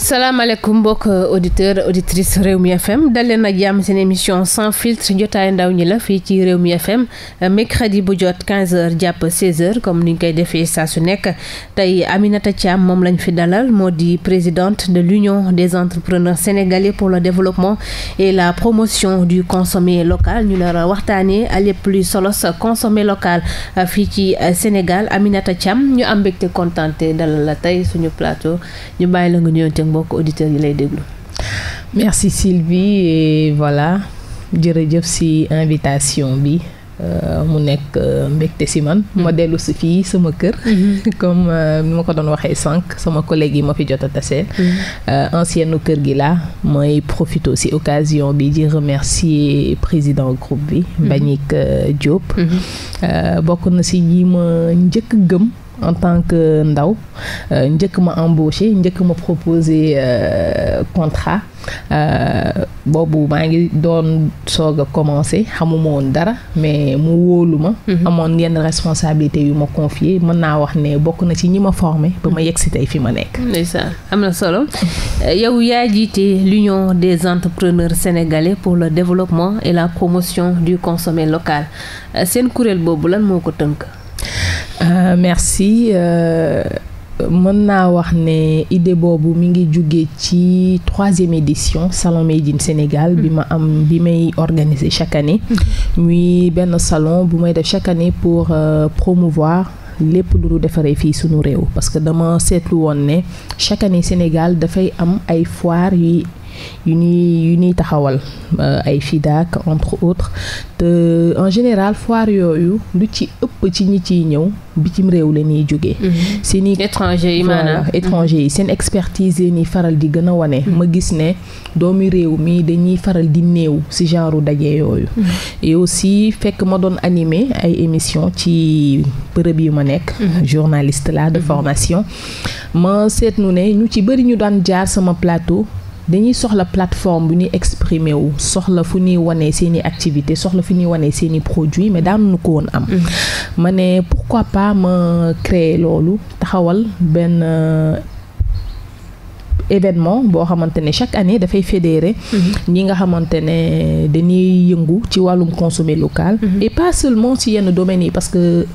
salaamaaleykum mbokk auditeur auditrice Rewmi FM dal leen ak jàmm seen émission sans filtre jotaayu ndaw ñi la fii ci Rewmi FM mercredi bu jot 15h jàpp 16h comme ni ñu koy defee saa su nekk tey Aminata Thiam moom lañ fi dalal moo di présidente de l'Union des entrepreneurs sénégalais pour le développement et la promotion du consommé local ñu nar a waxtaanee lépp luy sa consommé local euh, fii ci euh, Sénégal Aminata Thiam ñu am mbégte kontaan dalal la tey suñu plateau ñu bàyyi la mbokk auditeurs yi lay déglu. merci Sylvie et voilà jërëjëf si invitation bi. Euh, mu nekk euh, mbégte si man mm-hmm. ma dellu si fii sama kër mm-hmm. comme euh, ni ma ko doon waxee sànq sama collègue yi ma fi jot a tase mm-hmm. kër gi laa mooy profité si occasion bi di remercier président groupe bi Mbagnick Diop bokk na si ñi ma njëkk gëm en tant que ndaw euh, njëkk ma embauché njëkk ma proposé euh, contrat euh, boobu maa ngi doon soog a commencé xamuma woon dara mais mu wóolu ma. Mhm. amoon yenn responsabilité yu ma confié mën naa wax ne bokk na ci ñi ma formé ba ma yegg si tey fi ma nekk. ndeysaan am na solo yow yaa jiite l'union des entrepreneurs sénégalais pour le développement et la promotion du consommé local seen kuréel boobu lan moo ko tënk. Euh, merci euh, mën naa wax ne idée boobu mi ngi jugee ci troisième édition salon Made in Sénégal bi ma am bi may organiser chaque année. Mhm. muy benn salon bu may def chaque année pour euh, promouvoir. lépp lu defaree fii sunu réew parce que dama seetlu woon ne chaque année Sénégal dafay am ay foire yuy yu ñuy yu ñuy taxawal euh, ay FIDAK entre autres te en général foire yooyu lu ci ëpp ci ñi ciy ñëw bitim réew la ñuy jógee. Mhm. seen i étranger yi maanaam yi seen expertise yi faral di gën a wane. Mhm. ma gis ne doomi réew mi dañuy faral di néew si genre daje yooyu. Mhm. et aussi fekk ma doon animer ay émission ci bërëb yi ma nekk. journaliste la de formation ma seet seetlu ne ñu ci bëri ñu daan jaar sama plateau. dañuy soxla plateforme bu ñuy exprimer wu soxla fu ñuy wanee seeni activité soxla fu ñuy wanee seeni i produit mais daanu ko woon am mm. ma ne pourquoi pas ma créer loolu taxawal benn euh, événement boo xamante ne chaque année dafay fédérer mm-hmm. ñi nga xamante ne dañuy yëngu ci wàllum consommer local mm-hmm. et pas seulement ci yenn domaines yi parce que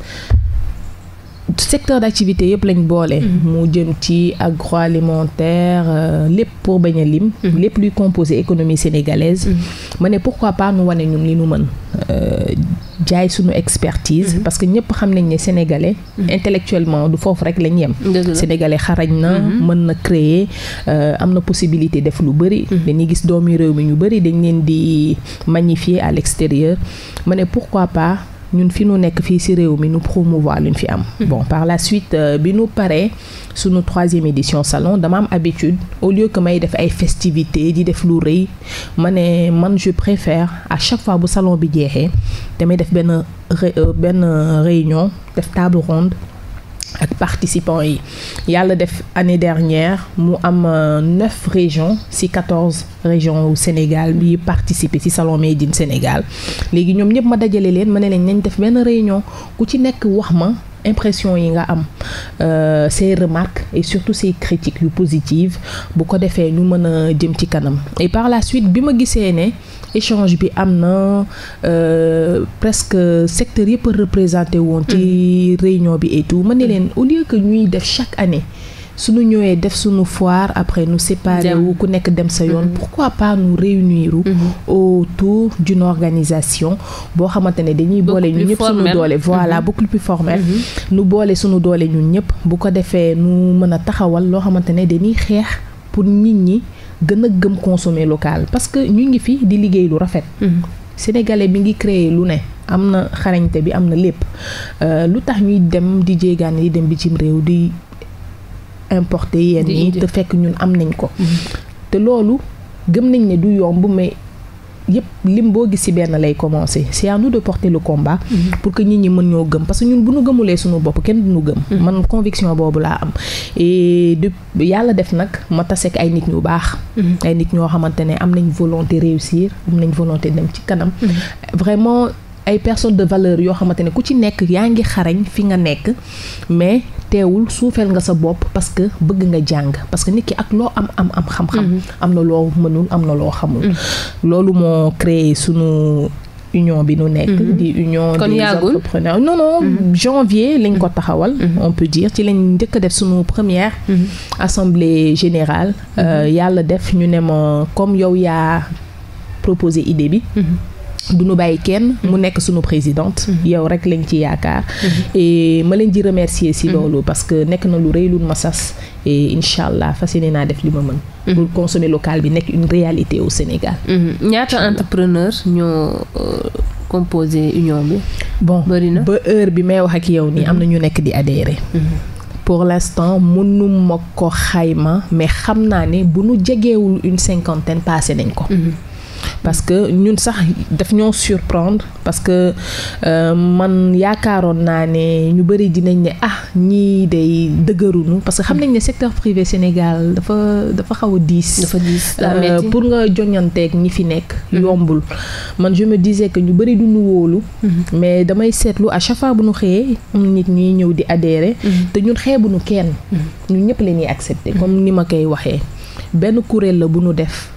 secteur d'activité yëpp lañ boole. Mhm. mu jëm ci agroalimentaire euh, lépp pour bañ lim. Mhm. lépp luy composé économie sénégalaise. Mhm. ma ne pourquoi pas nu wane ñun li nu mën. Euh, jaay sunu expertise. parce que ñëpp xam nañ ne sénégalais. intellectuellement du foofu rek lañ yem. sénégalais xarañ na mën na créer euh, am na possibilité def lu bëri. dañuy gis doomi réew mi ñu bëri dañ leen di magnifier à l'extérieur ma ne pourquoi pas. ñun fi nu nekk fii ci réew mi nu promouvoir luñ fi am. Hmm. bon par la suite euh, bi nu paree sunu troisième édition salon dama am habitude au lieu que may def ay festivités di def lu rëy ma ne man je préfère à chaque fois bu salon bi jeexee damay def benn euh, benn réunion def table ronde. ak participants yi yàlla def année dernière mu am euh, neuf régions ci quatorze régions au Sénégal bi participer ci salon Made Sénégal léegi ñoom ñëpp ma dajale leen ma ne leen nañ def benn réunion ku ci nekk wax ma impression yi nga am euh, ces remarques et surtout ces critiques yu positives bu ko defee ñu mën a jëm ci kanam et par la suite bi ma gisee ne échange bi am na euh, presque secteur yëpp représenté woon ci mm. réunion bi et tout ma ne leen au lieu que ñuy def chaque année su suñu ñëwee def suñu foire après nu séparer ku nekk dem sa yoon mm-hmm. pourquoi pas nu réunir wu mm-hmm. autour d'une organisation boo xamante ne dañuy boole ñu ñëpp suñu doole voilà mm-hmm. beaucoup plus formel nu boole suñu doole ñun ñëpp bu ko defee nu mën a taxawal loo xamante ne dañuy xeex pour nit ñi gën a gëm consommer local parce que ñu ngi fii di liggéey lu rafet sénégalais bi ngi créer lu ne am na xarañte bi am na lépp euh, lu tax ñuy dem di jéegaan yi dem bi cim réew di importé yenn yi te fekk ñun am nañ ko mm-hmm. te loolu gëm nañ ni du yomb may yëpp lim boo gis ci benn lay commencer si à nous de porter lu combat mm-hmm. pour que nit ñi mën ñoo gëm parce que ñun bu ñu gëmulee suñu bopp kenn du ñu gëm mm-hmm. man conviction boobu laa am et de yàlla def nag ma taseek ay nit ñu baax ay nit ñoo xamante ne am nañ volonté réussir am nañ volonté dem ci kanam vraiment ay personnes de valeur yoo xamante ne ku ci nekk yaa ngi xarañ fi nga nekk mais teewul suufeel nga sa bopp parce que bëgg nga jàng parce que nit ki ak loo am am am xam-xam mm-hmm. am na loo mënul am na loo xamul mm. loolu moo créer sunu union bi nu nekk mm-hmm. di union des entrepreneurs non non mm-hmm. janvier lañ ko taxawal on peut dire ci lañ njëkk a def suñu première assemblée générale euh, yàlla def ñu ne ma comme yow yaa proposé idée bi du ñu bàyyi kenn mhm. mu nekk suñu présidente. Mhm. yow rek lañ ci yaakaar. e ma leen di remercier si loolu parce que nekk na lu rëy lu ma sas. et incha allah fas yéene naa def li ma mën. pour consommer local bi nekk une réalité au Sénégal. ñaata entrepreneur ñoo euh, composé union bi. ba heure bi may wax ak yow nii am na ñu nekk di adhérer. pour l'instant mënuma ko xayma mais xam naa ne bu nu jegewul une cinquantaine passé nañ ko. parce que ñun sax daf ñoo surprendre parce que euh, man yaakaaroon naa ne ñu bëri dinañ ne ah ñii day dëgëruñu parce que xam nañ ne secteur privé Sénégal dafa dafa xaw a diis. dafa diis euh, pour nga joñanteeg ñi fi nekk. Mhm. yombul man je me disais ñu bëri duñu wóolu. Mhm. mais damay seetlu à chaque bu ñu xëyee nit ñuy ñëw di adhérer. Mhm. te ñun nu kenn. ñun ñëpp la ñuy accepté comme ni ma koy waxee benn kuréel la bu ñu def.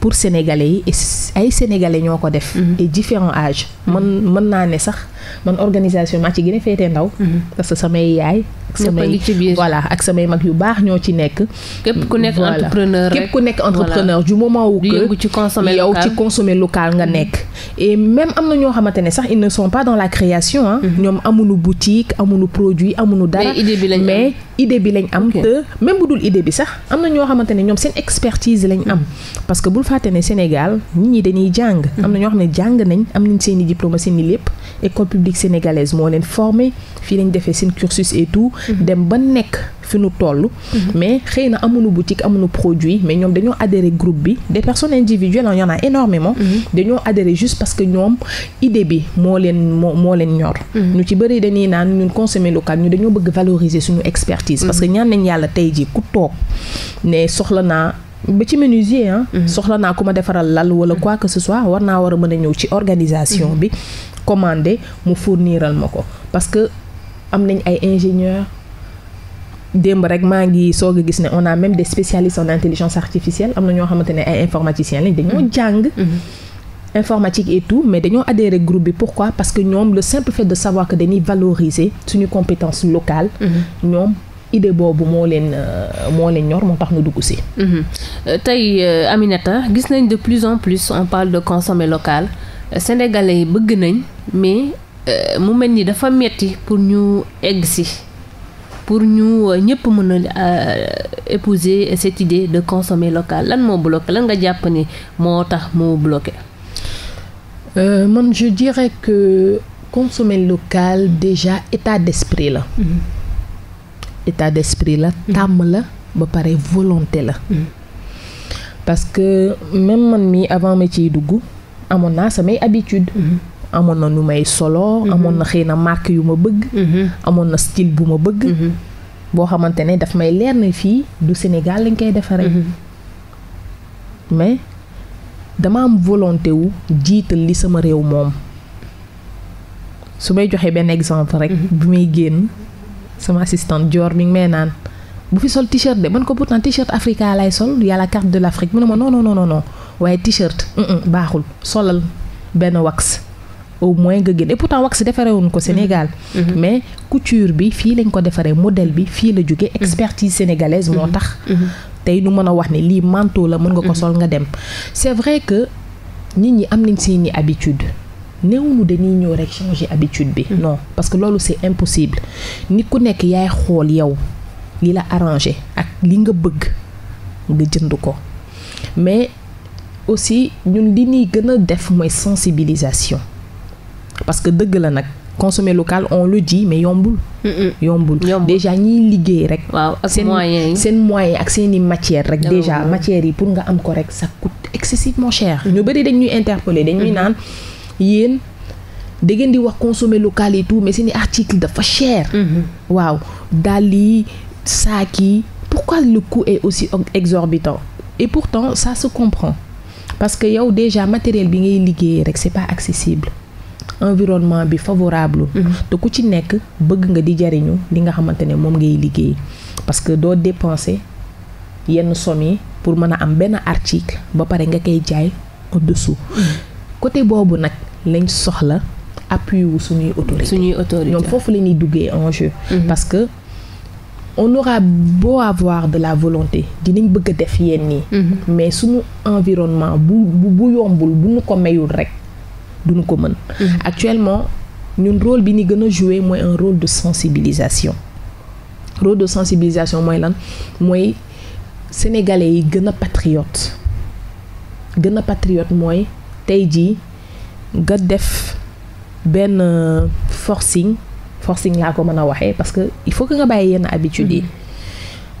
pour sénégalais yi ay sénégalais ñoo ko def. Mm-hmm. et différents âges. mën mën naa ne sax man organisation maa ci gën a féetee ndaw. Mhm. parce que samay yaay. ak samay voilà ak samay mag yu baax ñoo ci nekk. képp ku nekk entrepreneur képp ku nekk entrepreneur du moment wu. yëngu ci yow ci consommer local nga mhm. nekk. et même am na ñoo xamante ne sax ils ne sont pas dans la création ah. ñoom amuñu boutique amuñu produit amuñu dara. mais idée bi lañ am mais idée bi lañ am te même bu dul idée bi sax am na ñoo xamante ne ñoom seen expertise lañ am. parce que bul fàtte ne Sénégal nit ñi dañuy jàng. am na ñoo xam ne jàng nañ am nañ seen i publique sénégalaise moo leen formé fii lañ defee seen cursus et tout mhm. dem ba nekk fi nu toll mhm. mais xëy na amuñu boutique amuñu produit mais ñoom dañoo adhéré groupe bi des personnes individuelles il y en a énormément mhm. dañoo adhéré juste parce que ñoom idée bi moo leen moo moo leen ñor ñu ci bëri dañuy naan ñun consommer local ñu dañoo bëgg valoriser suñu expertise parce que ñaan nañ yàlla tey jii ku toog ne soxla naa ba ci menuisier ah. soxla naa ku ma defaral lal wala quoi que ce soit war naa war a mën a ñëw ci organisation bi. commandé mu fourniral ma ko parce que am nañ ay ingénieur démb rek maa ngi soog a gis ne on a même des spécialistes en intelligence artificielle am na ñoo xamante ne ay informaticiens lañ dañoo mm-hmm. jàng mm-hmm. informatique et tout mais dañoo adhéré groupe bi pourquoi parce que ñoom le simple fait de savoir que dañuy valoriser suñu compétence locale mm-hmm. ñoom idée boobu moo leen euh, moo leen ñor moo tax mu dugg si euh, tey euh, Aminata gis nañ de plus en plus on parle de consommer local sénégalais yi bëgg nañ mais euh, mu mel ni dafa metti pour ñu egg si pour ñu euh, ñëpp mën a euh, épouser cette idée de consommer local lan moo bloqué lan nga jàpp ni moo tax moo bloqué. man je dirais que consommer local déjà état d'esprit la. Mm-hmm. état d'esprit la. Mm-hmm. tàmm la ba pare volonté la. Mm-hmm. parce que même man mi avant ma ciy dugg. amoon naa samay habitude mhm. amoon na nu may solo mhm. amoon na xëy na marque yu ma bëgg mhm. amoon na style bu ma bëgg boo xamante ne daf may leer na fii du Sénégal lañ koy defaree mais dama am volonté wu jiital li sama réew moom su may joxee benn exemple rek bi may génn sama assistante Dior mi ngi may naan bu fi sol t-shirt de man ko pourtant t-shirt Africa lay sol yàlla carte de l'Afrique mu ne ma non waaye t-shirt. baaxul solal benn wax. au moins nga génn et pourtant wax defarewuñ ko mm-hmm. Sénégal. Mm-hmm. mais couture bi fii lañ ko defaree modèle bi fii la jóge mm-hmm. expertise sénégalaise moo tax. tey nu mën a wax ne lii manteau la mën nga ko sol nga dem. c'est vrai que nit ñi am nañ seeni habitude néewuñu dañuy ñëw rek changer habitude bi. non parce que loolu c'est impossible nit ku nekk yaay xool yow li la arranger ak li nga bëgg nga jënd ko mais. aussi ñun li ñuy gën a def mooy sensibilisation parce que dëgg la nag consommer local on le dit mais yombul. yombul déjà ñiy liggéey rek. waaw ak seen moyen ak seeni matière rek. déjà matière yi pour nga am ko rek ça coûte excessivement cher. ñu bëri dañ ñuy interpeller dañ ñuy naan yéen da ngeen di wax consommer local yi tout mais seen i article dafa cher. Mm-hmm. waaw dàll yi saak yi pourquoi le coût est aussi exorbitant et pourtant ça se comprend. parce que yow déjà matériel bi ngay liggéeyee rek c'est pas accessible environnement bi favorable mhm. te ku ci nekk bëgg nga di jariñu li nga xamante ne moom ngay liggéey parce que doo dépenser yenn somme yi pour mën a am benn article ba pare nga koy jaay au-dessous mhm. côté boobu nag lañ soxla appui wu suñuy autorité suñuy ñoom foofu la ñuy duggee enjeu mhm. parce on aura boo avoir de la volonté dinañ bëgg a def yenn yi. Mhm. mais suñu environnement bu bu bu yombul bu ko mayul rek duñu ko mën. Mhm. actuellement ñun rôle bi ni gën a jouer mooy un rôle de sensibilisation. rôle de sensibilisation mooy lan mooy sénégalais yi gën a patriote gën a patriote mooy tey jii nga def benn euh, forcing. forcing laa ko mën a waxee parce que il faut que nga bàyyi yenn habitudes yi.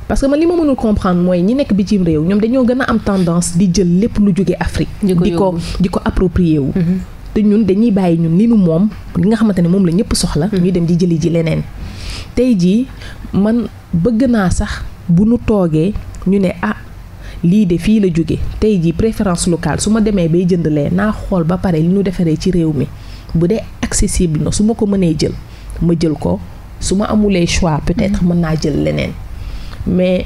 parce que li ma mënul comprendre mooy ñi nekk bitim réew ñoom dañoo gën a am tendance di jël lépp lu jóge Afrique. di ko di ko approprier wu. Mm-hmm. te ñun dañuy bàyyi ñun li nu moom li nga xamante ne moom la ñëpp soxla. Mm-hmm. ñuy dem di jëli ji leneen. tey jii man bëgg naa sax bu nu toogee ñu ne ah. lii de fii la jóge tey jii préférence locale su ma demee bay jëndalee naa xool ba pare li ñu defaree ci réew mi bu dee accessible na su ma ko mënee jël ma jël ko su ma amulee choix peut-être mën naa jël leneen mais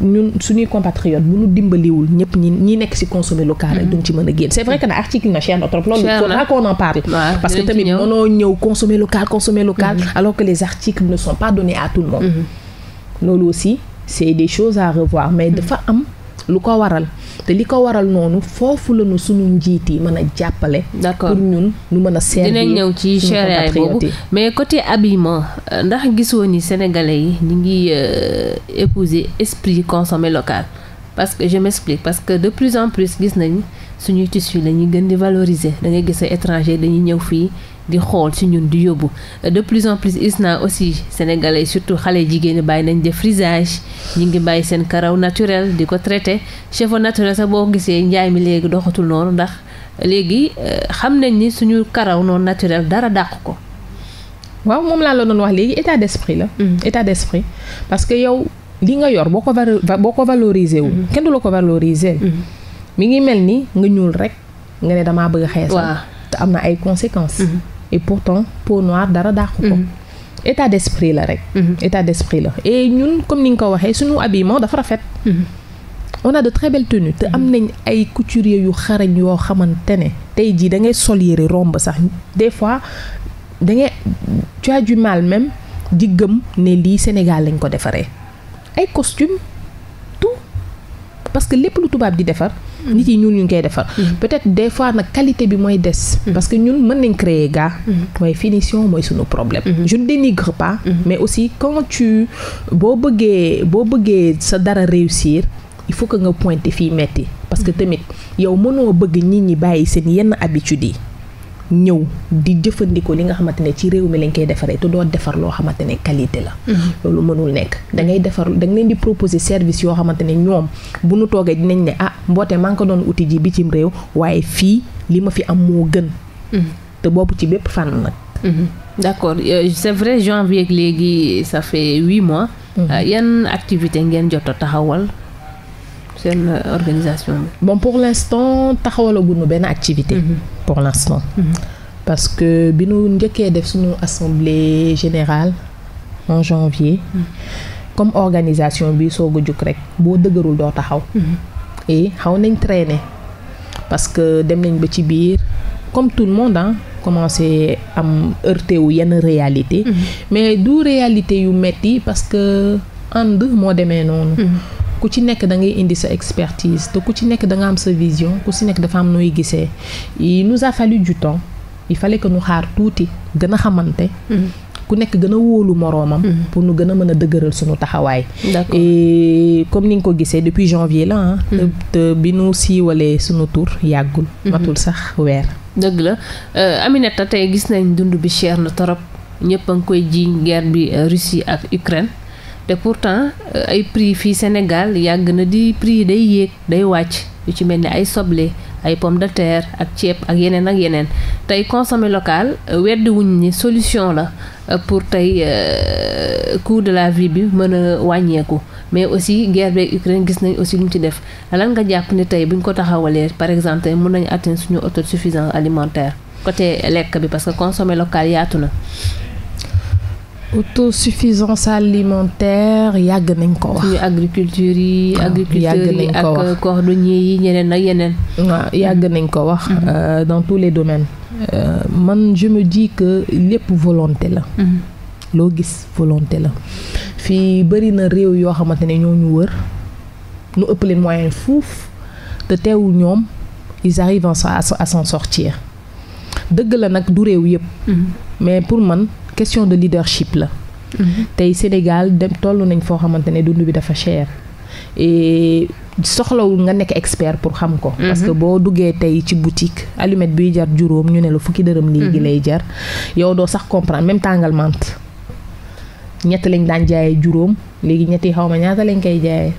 ñun suñuy compatriotes bu ñu dimbaliwul ñëpp ñi ñi nekk ci consommer local rek mm-hmm. duñ ci mën a génn c'est vrai que na article na cher na trop loolu faudra qu'on en parle parce que tamit mënoo ñëw consommer local consommer local mm-hmm. alors que les articles ne sont pas donnés à le monde mm-hmm. loolu aussi c'est des choses à revoir mais dafa am lu ko waral te li ko waral noonu foofu la ñu suñu njiit yi mën a jàppale. d'accord pour ñun ñu mën a. servir dinañ ñëw ci cher boobu mais côté habillement euh, ndax gisoo ni sénégalais yi ñu ngi euh, épouser esprit consommer local parce que je m'explique parce que de plus en plus gis nañ suñuy tissu la ñuy gën di valoriser dangay gis ay étranger dañuy ñëw fii. di xool ci ñun di yóbbu de plus en plus gis naa aussi sénégalais surtout xale yi jigéeni bàyyi nañ def frisage ñu ngi bàyyi seen karaw naturel di ko traité cheveux naturel sax boo gisee njaay mi léegi doxatul noonu ndax léegi euh, xam nañ ni suñu karaw noonu naturel dara dàq ko. waaw moom laa la doon wax léegi état d'esprit la. Mm. état d'esprit parce que yow li nga yor boo ko boo ko valoriser wu. Mm-hmm. kenn du la ko valoriser. Mm-hmm. mi ngi mel ni nga ñuul rek nga ne damaa bëgg a xees. am na ay conséquences. Mm-hmm. et pourtant peau noire dara dàqu ko mm-hmm. état d'esprit la rek mm-hmm. état d'esprit la et ñun comme ni nga ko waxee suñu habillement dafa rafet mm-hmm. on a de très belles tenues te am nañ ay couturiers yu xarañ yoo xamante ne tey jii da ngay sol yére romb sax des fois da ngay tu mal même di ne lii Sénégal lañ ko defaree ay costume tout parce que lépp lu tubaab di defar nit yi ñun ñu ngi koy defar. Mm-hmm. peut-être des fois nag qualité bi mooy des. Mm-hmm. parce que ñun mën nañ créer gaa. Mm-hmm. mooy finition mooy suñu problème. je ne dénigre pas. mais aussi quand boo bëggee boo bëggee sa dara réussir il faut que nga pointer fii metti parce que tamit yow mënoo bëgg nit ñi bàyyi seen yenn habitudes yi. ñëw di jëfandikoo li nga xamante ne ci réew mi lañ koy defaree te doo defar loo xamante ne qualité la. Mm-hmm. loolu mënul nekk da ngay defar da nga leen di proposer service yoo xamante ne ñoom bu nu toogee dinañ ne ah mboote maa ngi ko doon uti ji bi cim réew waaye fii li ma fi am moo gën. Mm-hmm. te boobu ci bépp fànn nag. Mm-hmm. d'accord euh, c'est vrai janvier léegi sa fait huit mois. Euh, yan activité ngeen jot a taxawal. seen euh, organisation bi. bon pour l' instant taxawalaguñu benn activité. Mhm. pour l' instant. Mhm. parce que bi nu njëkkee def suñu assemblée générale en janvier. Mhm. comme organisation bi soog a jóg rek boo dëgërul doo taxaw. xaw nañ traîner parce que dem nañ ba ci biir comme tout le monde commencé am heurté wu yenn réalité. mais du réalité yu metti parce que ànd moo demee noonu. ku ci nekk da ngay indi sa expertise te ku ci nekk danga am sa vision ku si nekk dafa am nooy gisee il nous a fallu du temps il fallait que ñu xaar tuuti gën a xamante mm-hmm. ku nekk gën a wóolu moroomam mm-hmm. pour nu gën a mën a dëgëral suñu taxawaay et comme ni nga ko gisee depuis janvier la ah mm-hmm. te bi nu siiwalee sunu tur yàggul matul sax weer dëgg la euh, Aminata tey gis nañ dund bi cher na torop ñëpp a ngi koy jiiñ guerre bi euh, Russie ak Ukraine te pourtant euh, ay prix fii Sénégal yàgg na di prix yi day yéeg day wàcc yu ci mel ni ay soble ay pomme de terre ak ceeb ak yeneen ak yeneen tey consommer local euh, weddi wuñ ni solution la euh, pour tey coût de la vie bi mën a wàññeeku mais aussi guerre bi Ukraine gis nañ aussi lu mu ci def lan nga jàpp ni tey buñ ko taxawalee par exemple tey mën nañu atteindre suñu autosuffisance alimentaire côté lekk bi parce que consommer local yaatu na autosuffisance alimentaire yàgg nañ ko wax. suñu agriculture yi. Ah, agriculteurs yi ak cordonnier yi ñeneen ak yeneen. Ah, yàgg mm-hmm. nañ ko wax. Mm-hmm. Euh, dans tous les domaines. Euh, man je me que lépp volonté la. Mm-hmm. loo gis volonté la. fii bëri na réew yoo xamante ne ñoo ñu wër nu ëpp leen moyen fuuf te teewul ñoom ils arrivent à s'en sortir dëgg la nag du réew yëpp. mais pour man. question de leadership la. Mhm. tey Sénégal dem toll nañ foo xamante ne dund bi dafa chair et soxlawul nga nekk expert pour xam ko. Mhm. parce que boo duggee tey ci boutique allumette biy jar juróom ñu ne la fukki dërëm. léegi mhm. lay jar yow doo sax comprendre même tàngal mante. ñett lañ daan jaayee juróom léegi ñetti xaw ma ñaata lañ koy jaayee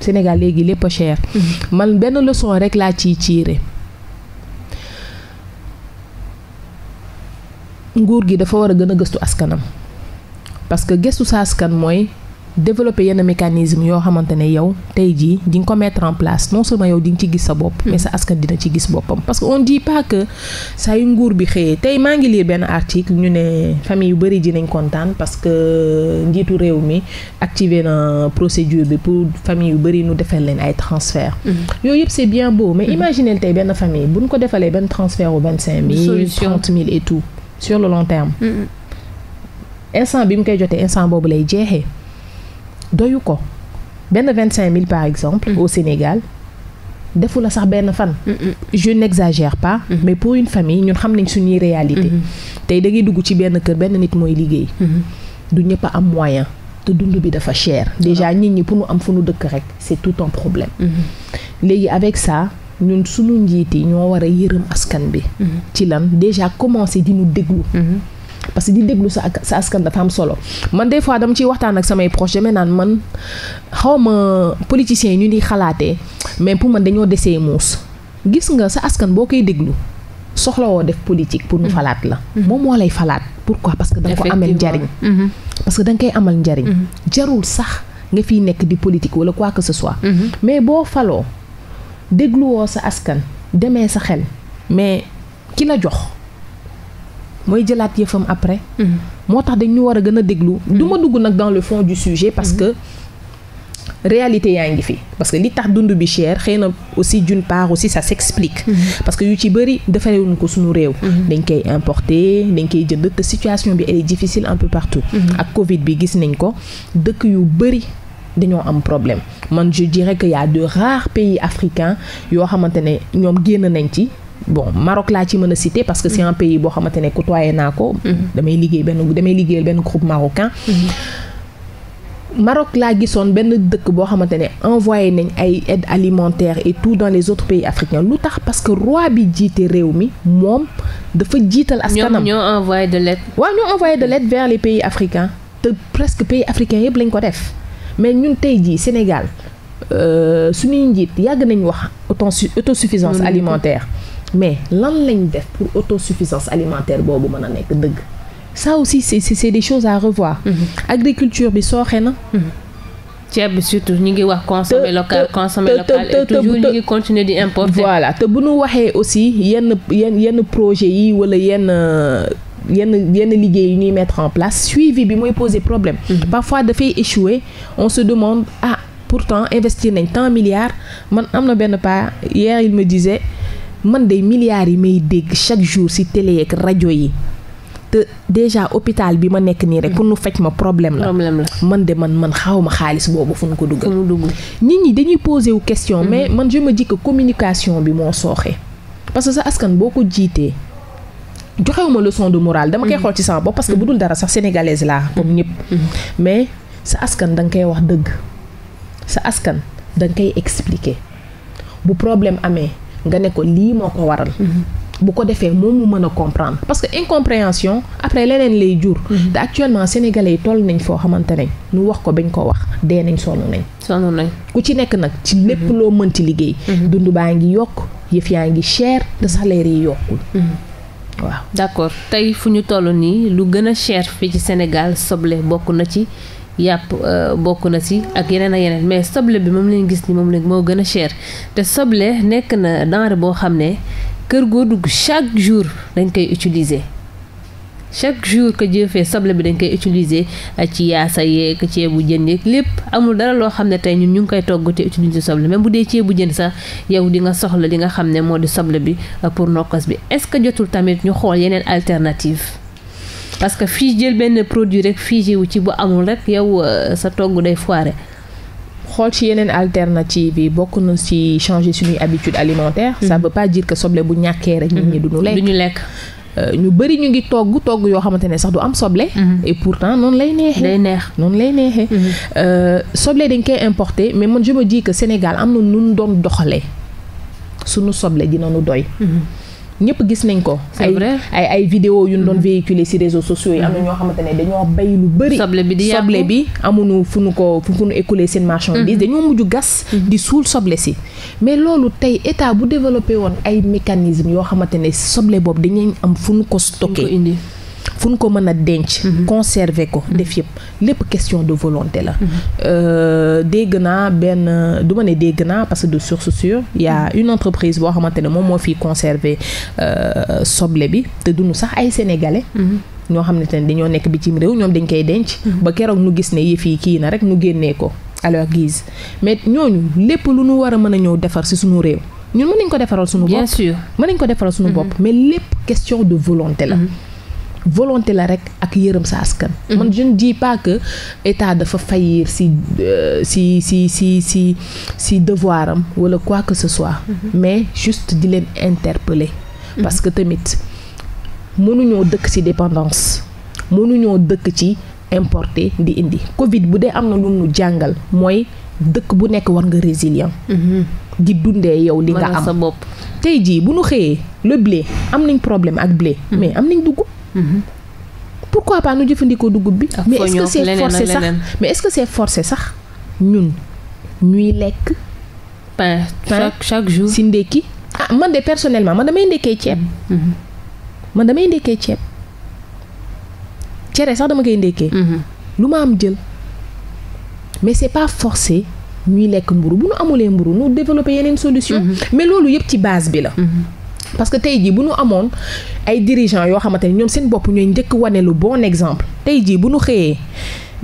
Sénégal léegi lépp a cher. man benn leçon rek laa ciy ciire nguur gi dafa war a gën a gëstu askanam parce que gëstu sa askan mooy développer yenn mécanisme yoo xamante ne yow tey jii di nga ko mettre en place moo sama yow di nga ci gis sa bopp. Hmm. mais sa askan dina ci gis boppam. parce que on dit pas que saa yu nguur bi xëyee tey maa ngi lire benn article ñu ne famille yu bëri nañ kontaan parce que njiitu réew mi activé na procédure bi pour famille yu bari nu defal leen ay transfert hmm. yooyu yëpp c'est bien beau mais hmm. benn famille bu ko defalee benn transfert wu vingt cinq mille. trente mille sur le long terme. Mm-hmm. instant bi mu koy jotee instant boobu lay jeexee doyu ko benn vingt cinq mille par exemple. Mm-hmm. au Sénégal defu la sax benn fan. Mm-hmm. je n'exagère pas. mais pour une famille ñun xam nañ suñuy réalité. tey da ngay dugg ci benn kër benn nit mooy liggéey. du ñëpp a am moyen. te dund bi dafa cher. déjà nit ñi pour mu am fu nu dëkk rek c'est tout un problème. léegi avec ça ñun suñu njiit yi ñoo war a yërëm askan bi. Mhm. ci lan déjà commencé di ñu déglu. Mhm. parce que di déglu sa sa askan dafa am solo man des fois dama ciy waxtaan ak samay proches demee naan man xaw ma politiciens ñu di xalaatee mais pour man dañoo desee muus gis nga sa askan boo koy déglu. soxla woo def politique pour ñu mhm. falaat la moom moo lay falaat pourquoi parce que da ko amal njariñ parce que da koy amal njariñ jarul sax nga fi nekk di politique wala quoi que ce soit mais boo faloo dégluwoo sa askan demee sa xel mais ki la jox mooy jëlaat yëfam après mm-hmm. moo tax dañ dañu war a gën a déglu du ma mm-hmm. dugg nag dans le fond du sujet parce mm-hmm. que réalité yaa ngi fi parce que li tax dund bi cher xëy na aussi d'une part aussi sa s'explique parce que yu ci bëri defarewuñ ko sunu réew dañ koy importé dañ koy jënd te situation bi elle est difficile un peu partout ak mm Covid bi gis nañ ko dëkk yu bëri dañoo am problème man je dirais que y a de rares pays africains yoo xamante ne ñoom génn nañ ci bon Maroc laa ci mën a citer parce que c'est un pays boo xamante ne côtoyé naa ko mm-hmm. damay liggéey benn damay liggéeyal benn groupe marocain mm-hmm. Maroc laa gisoon benn dëkk boo xamante ne envoyé nañ ay aide alimentaire et tout dans les autres pays africains lu tax parce que roi bi jiite réew mi moom dafa jiital askanam ñoo envoyé de l'aide waaw ñoo envoyé de l'aide vers les pays africains presque pays africains yëpp lañ ko def mais ñun tey jii Sénégal euh, suñuy njiit yàgg nañu wax autosuffisance alimentaire mais lan lañ def pour autosuffisance alimentaire boobu mën a nekk dëgg ça aussi c'est c'est des choses à revoir mm-hmm. agriculture bi sooxee na mm-hmm. ceeb bi surtout ñu ngi wax consommer local consommer local et toujours ñu ngi continuer di importer voilà te bu ñu waxee aussi yenn yenn projet yi wala yenn yenn liggéey yu ñuy mettre en place suivi bi mooy poser problème mm-hmm. parfois dafay échouer on se demande ah pourtant investir nañ tant milliards man am na benn pas hier il me disait man de milliards yi may dégg chaque jour ci télé yeeg rajo yi te déjà hôpital bi ma nekk nii rek pour nu faj ma problème la man de man man xaw ma xaalis boobu fu nu ko duggal nit ñi dañuy poser wu question mm-hmm. mais man je a dis communication bi moo sooxee parce que sa askan boo ko jiitee joxewuma leçon de morale dama koy mhm. xool ci sama bopp parce bu dul dara sax sénégalaise laa comme mhm. ñëpp mhm. mais sa askan da nga koy wax dëgg sa askan da nga koy expliquer bu problème amee nga ne ko lii moo ko waral bu ko defee moom mu mën a comprendre parce que incompréhension après leneen lay jur te actuellement sénégalais yi toll nañ foo xamante ne nu wax ko bañ ko wax dee nañ sonn nañ sonn nañ ku ci nekk nag ci lépp loo mënti liggéey dund baa ngi yokk yëf yaa waaw d'accord tey fu ñu toll nii lu gën a cher fii ci Sénégal soble bokk na ci yàpp euh, bokk na ci ak yeneen a yeneen mais soble bi moom lañ gis ni moom lañ moo gën a cher te soble nekk na denrée boo xam ne kër goo dugg chaque jour dañ koy utiliser. chaque jour que Dieu soble bi dañ koy utiliser euh, ci yaasa yeeg ceebu jën yeeg lépp amul dara loo xam ne tey ñun ñu ngi koy togg te utiliser soble même bu dee ceebu jën sax yow di nga soxla li nga xam ne moo di soble bi euh, pour nokkos bi est-ce que jotul tamit ñu xool yeneen alternative parce que fii jël benn produit rek fii wu ci bu amul rek yow euh, sa togg day foire xool ci yeneen alternative yi bokk na ci changer suñuy habitude alimentaire ça ba mm-hmm. pas dire que soble bu ñàkkee rek nit ñi mm-hmm. duñu lekk Euh, ñu bëri ñu ngi togg togg yoo xamante ne sax du am soble. Mhm. et pourtant noonu lay neexee. day neex noonu lay neexee. Mhm. Euh, soble dañ koy importer mais man je me dis que Sénégal am na nun doon doxalee sunu soble dina nu doy. Mhm. ñëpp gis nañ ko. ay ay ay vidéo yu ñu doon mm-hmm. véhiculer ci réseaux sociaux yi. am na ñoo xamante ne dañoo bay lu bëri. soble bi di soble bi amuñu fu nu ko fu nu écouler seen marchandise. Mm-hmm. dañoo mujj gas. Mm-hmm. di suul soble si. mais loolu tey état bu développé woon ay mécanismes yoo xamante ne soble boobu dañuy am fu nu ko stocké. fu ñu ko mën a denc. Mhm. conserver ko mhm. def yëpp lépp question de volonté la. Mhm. Euh, dégg naa benn du ma ne dégg naa parce que de source sûre y a une entreprise boo xamante ne moom moo fi conserver euh, soble bi te duñu sax ay sénégalais. ñoo xam ne te dañoo nekk bi bitim réew ñoom dañ koy denc. ba keroog nu gis ne yëf yi kii na rek ñu génnee ko à leur guise mais ñooñu lépp lu nu war a mën a ñëw defar ci suñu réew ñun mën nañ ko defaral suñu bopp. mën nañ ko defaral suñu bopp mais lépp question de volonté la. volonté la rek ak yërëm sa askan. Mhm. man je jii dis que état dafa faillir si euh, si si si si si devoir am wala quoi que ce soit. Mhm. mais juste di leen interpeller. Mhm. parce que tamit mënuñoo dëkk ci dépendance mënuñoo dëkk ci importer di indi Covid bu dee am na lu mu jàngal mooy dëkk bu nekk war nga résilient. di dundee yow li nga am tey jii bu nu xëyee le blé am nañ problème ak blé. mais am nañ dugub. Mhm. pourquoi pas nu jëfandikoo dugub bi. mais est-ce que c'est forcé sax mais est-ce que c'est forcé sax ñun ñuy lekk. pain chaque chaque jour si ndekki. ah man de personnellement man damay ndekkee ceeb. Mhm. man damay ndekkee ceeb. cere sax dama koy ndekkee. Mhm. lu ma am jël. mais c'est pas forcé ñuy lekk mburu bu nu amulee mburu nu développer yeneen solution. mais loolu yëpp ci base bi la. parce que tey jii bu ñu amoon ay dirigeants yoo xamante ni ñoom seen bopp ñooy njëkk wane lu bon exemple tey jii bu ñu xëyee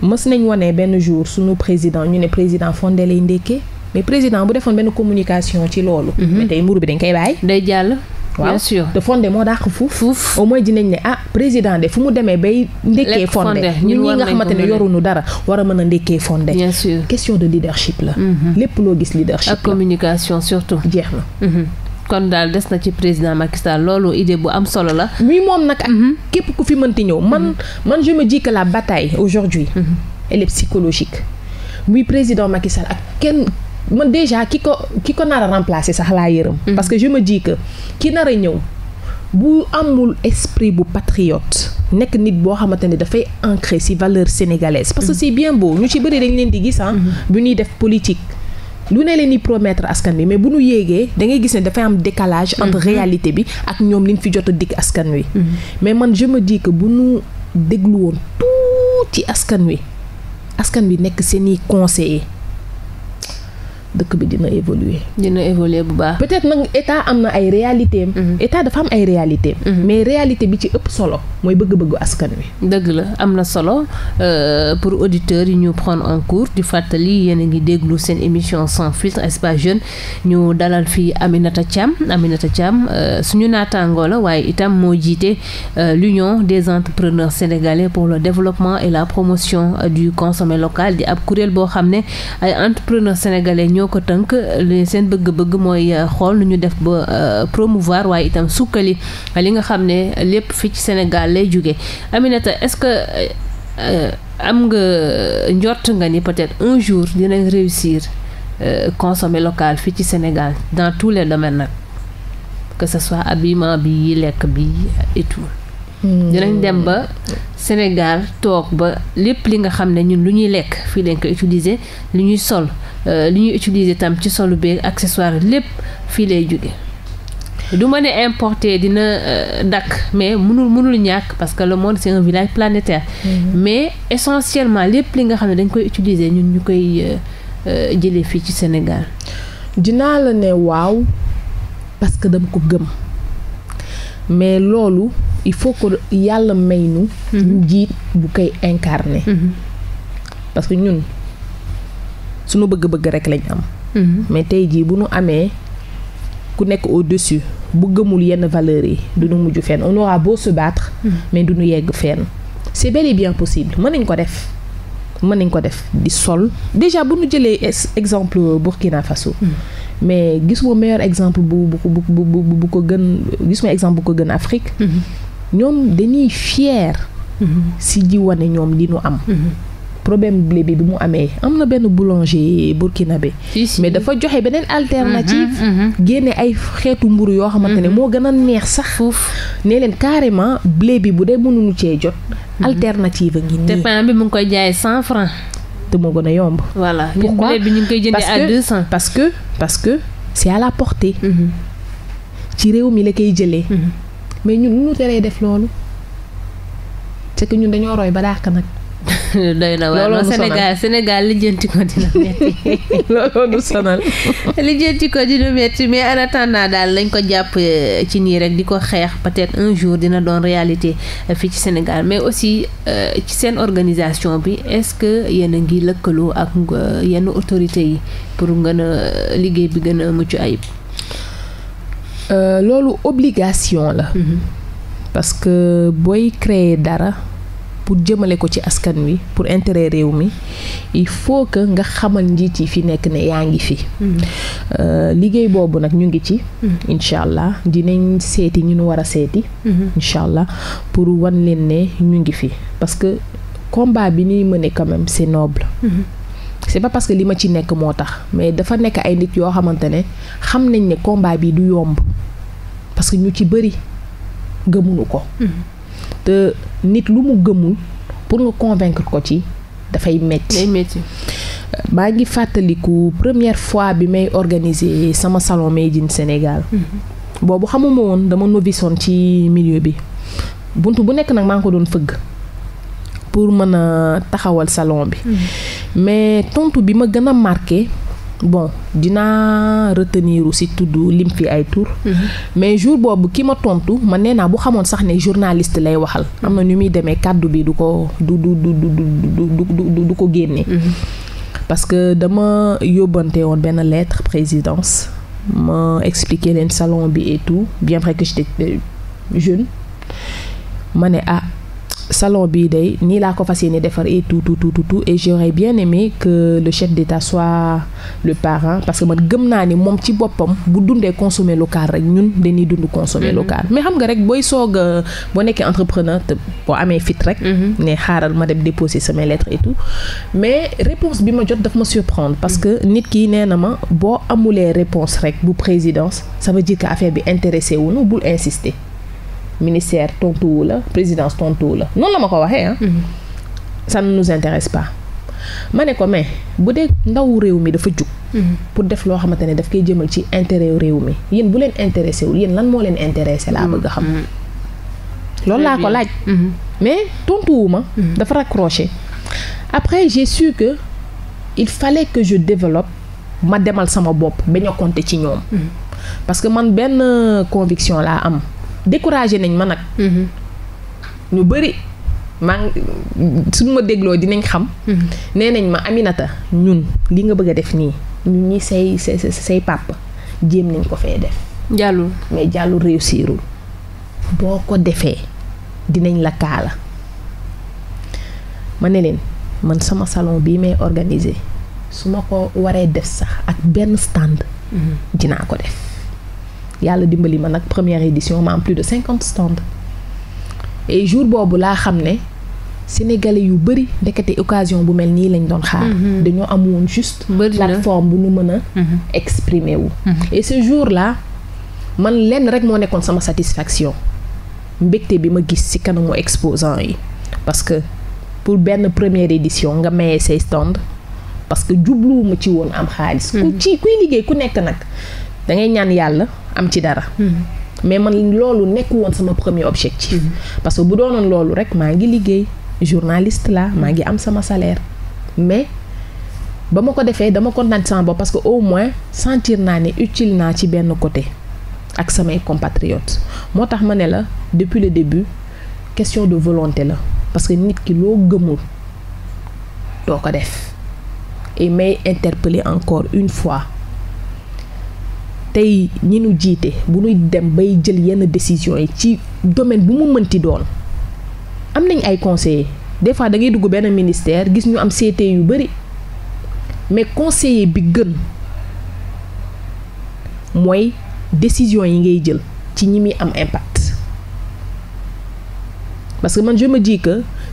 mës nañ wane benn jour suñu président ñu ne président Fondé lay ndékkee mais président bu defoon benn communication ci loolu. Mhm. mais tey mburu bi dañ koy bàyyi. day jàll. bien sûr te fonde moo dàq fuuf. fuuf au moins dinañ ne ah président de fu mu demee bay. ndekkee Fondé ñun ñi nga xamante yoru yoruñu dara war a mën a ndekkee Fondé. bien sûr question de leadership mhm. lépp loo gis leadership la ak communication surtout. jeex na. Mhm. kon daal des na ci président Macky Sall loolu idée bu am solo la. muy moom nag ak mhm. képp ku fi mënti ñëw man mhm. man je me dis que la bataille aujourd'hui mhm. elle est psychologique muy président Macky ak kenn man déjà ki ko ki ko nar a remplacer sax laa yërëm. parce que je me dis que ki nar a ñëw. bu amul esprit bu patriote nekk nit boo xamante ni dafay ancré ci valeur sénégalaise parce que c'est bien beau ñu ci bëri dañ leen di gis ah. bu ñuy def politique lu ne leen di promettre askan wi mais bu nu yéegee da ngay gis ne dafay am décalage mm-hmm. entre réalité bi ak ñoom liñ fi jot a dikk askan wi mm-hmm. mais man je me dis bu nu déglu woon tuuti askan wi askan wi nekk seen seeni conseiller dëkk bi dina évoluer dina évoluer bu baax. peut-être nag état am na ay réalités mhm. état dafa am ay réalités mhm. mais réalité bi ci ëpp solo mooy bëgg-bëggu askan wi. dëgg la am na solo euh, pour auditeurs yi ñu prendre en cours di fàttali yéen a ngi déglu seen émission sans filtre espace jeune ñu dalal fii Aminata Thiam Aminata Thiam euh, suñu naataangoo la waaye itam moo jiite lu euh, l'union des entrepreneurs sénégalais pour le développement et la promotion du consommé local di ab kuréel boo xam ne ay ñoo ko tënk li seen bëgg-bëgg mooy euh, xool nu ñu def ba euh, promouvoir waaye itam sukkali euh, li nga xam ne lépp fi ci Sénégal lay jóge Aminata est-ce que am nga njort nga ni peut-être un jour dinañ réussir consommer local fii ci Sénégal dans tous les domaines nag que ce soit habillement bi lekk bi et Hmm. dinañ dem ba Sénégal toog ba lépp li nga xam ne ñun lu ñuy lekk fii lañ ko utiliser li ñuy sol euh, li ñuy utiliser tam ci solu beeg accessoire lépp fii lay jóge du ma ne importé dina euh, dakk mais mënul mënul ñàkk parce que le monde c'est un village planétaire hmm. mais essentiellement lépp li nga xam ne dañ koy utiliser ñun ñu koy euh, jëlee fii ci Sénégal dinaa la ne waaw parce que dama ko gëm mais loolu il faut que yàlla may nu mhm. ñu bu koy incarner mhm. parce que ñun suñu bëgg-bëgg rek lañ am mhm. mais tey jii bu nu amee ku nekk au-dessus bu gëmul yenn valeurs yi du duñu mujj fenn on aura beau se battre mais duñu yegg fenn c'est bel et bien possible mën nañ ko def mën nañ ko def di sol déjà bu ñu jëlee exemple Burkina Faso mais gisuma meilleur exemple bu bu bu bu bu ko gën gisuma exemple bu ko gën Afrique. Mm-hmm. ñoom dañuy fier. Mm-hmm. si di wane ñoom li ñu am. Mm-hmm. problème blé bi mu amee am na benn boulanger bi mais dafa joxe beneen alternative génne ay xeetu mburu yoo xamante ne moo gën a neex sax ne leen carrément blé bi bu dee mënuñu cee jot alternative a ngi nii te pain bi mu ngi koy jaaye cent francs te moo gën a yomb. voilà pourquoi koy jëndee à parce que parce que c'est à la portée. Mm-hmm. ci réew mi la koy jëlee. Mm-hmm. mais ñun lu ñu teree def loolu. c'est ñun dañoo roy ba dàq nag. doy na waar loolu Sénégal Sénégal lijjanti ko dina metti looloo sonal lijjanti ko dina metti mais en attendant daal lañ ko jàpp euh, ci nii rek di ko xeex peut un jour dina doon réalité euh, fii ci Sénégal mais aussi euh, ci seen organisation bi est-ce que yéen a ngi lëkkaloo ak yenn autorité yi pour gën a liggéey bi gën a mucc ayib loolu obligation la mhm. parce que booy créer dara pour jëmale ko ci askan wi pour intérêt réew mi il faut que nga xamal njiit yi fi nekk ne yaa ngi fi. Mm. Euh, liggéey boobu nag ñu ngi ci. Mm. incha allah dinañ seeti ñu nu war a seeti. Mm-hmm. incha allah pour wan leen ne ñu ngi fi parce que combat bi ni mëne quand même c'est noble. Mm pas parce que li ma ci nekk moo tax mais dafa nekk ay nit yoo xamante ne xam nañ ne combat bi du yomb parce que ñu ci bëri gëmuñu ko. Mm-hmm. te nit lu mu gëmul pour nga convaincre ko ci dafay metti maa ngi fàttaliku première fois bi may organiser sama salon made in Sénégal mm-hmm. boobu xamuma woon dama novice ci milieu bi bunt bu nekk nag maa ngi ko doon fëgg pour mën a taxawal salon bi mm-hmm. mais tontu bi ma gën a marqué bon dinaa retenir si tudd lim fi ay tour mhm. mais jour boobu ki ma tontu man nee naa bu xamoon sax ne journaliste lay waxal. am na ñu muy demee kàddu bi du ko du du du du du du ko génne. Mhm. parce que dama yóbbante woon benn lettre présidence ma expliquer leen salon bi et tout bien vrai que euh, jeune ma ne ah. salon bii day nii laa ko fas yéene defar et tout tout tout tout et j'aurais bien aimé que le chef d'État soit le parent parce que man gëm naa ni moom ci boppam bu dundee consommer local rek ñun dañuy dund consommer mhm. local mais xam nga rek booy soog boo nekkee entrepreneur te boo amee fit rek mhm. ne xaaral ma dem déposer samay lettres et mais réponse bi ma jot daf ma surprendre parce que mhm. nit ki nee na ma boo amulee réponse rek bu présidence sama veut affaire bi intéressé wuñu bul insister ministère tontuwu la présidence tontuwu la noon la ma ko waxee ah. Mhm. ça ne nous intéresse pas. ma ne ko mais bu dee ndaw réew mi dafa jug. Mhm. pour def loo xamante ne daf koy jëmal ci intérêt réew mi yéen bu leen intéressé wul yéen lan moo leen intéressé laa bëgg a xam. Mhm. loolu laa ko laaj. mais tontuwuma dafa raccroché. après j'ai su que il fale que je développe ma demal sama bopp bañ a ci ñoom. parce que man benn conviction laa am. découragé nañ ma nag. ñu bëri maa ngi ma dégloo dinañ xam. Mm-hmm. nee nañ ma Aminata ñun li nga bëgg a def nii ñu ñi say say say papa jéem nañ ko fee def. jàllul mais jàllul réussirul boo ko defee dinañ la kaala ma ne leen man sama salon bii may organiser su ma ko waree def sax ak benn stand. Mm-hmm. dinaa ko def. yàlla dimbali ma nag première édition ma am plus de cinquante e et jour boobu laa xam ne sénégalais yu bëri ndekete occasion bu mel nii lañ doon xaar. Mhm. dañoo am woon juste. plateforme bu nu mën a. Mhm. exprimer wu. Mhm. et ce jour là man lenn rek moo nekkoon sama satisfaction mbégte bi ma gis ci kanamu exposant yi parce que pour benn première édition nga maye say stand parce que jubluwuma ci woon am xaalis. ku ci kuy liggéey ku nekk nag. da ngay ñaan yàlla am ci dara. Mhm. mais man loolu nekkul woon sama premier objectif. Mhm. parce que bu doonoon loolu rek maa ngi liggéey journaliste la maa ngi am sama salaire mais. ba ma ko defee dama kontaan sama bopp parce que au moins sentir naa ne utile naa ci benn côté ak samay compatriotes moo tax ma ne la depuis le début question de volonté la parce que nit ki loo gëmul doo ko def et may interpeller encore une fois tey ñi nu jiite bu ñuy dem bay jël yenn décision yi ci domaine bu mu mënti doon am nañ ay conseillers des fois da ngay dugg benn ministère gis ñu am CT yu bëri mais conseiller bi gën mooy décision yi ngay jël ci ñi muy am impact parce que man je me dis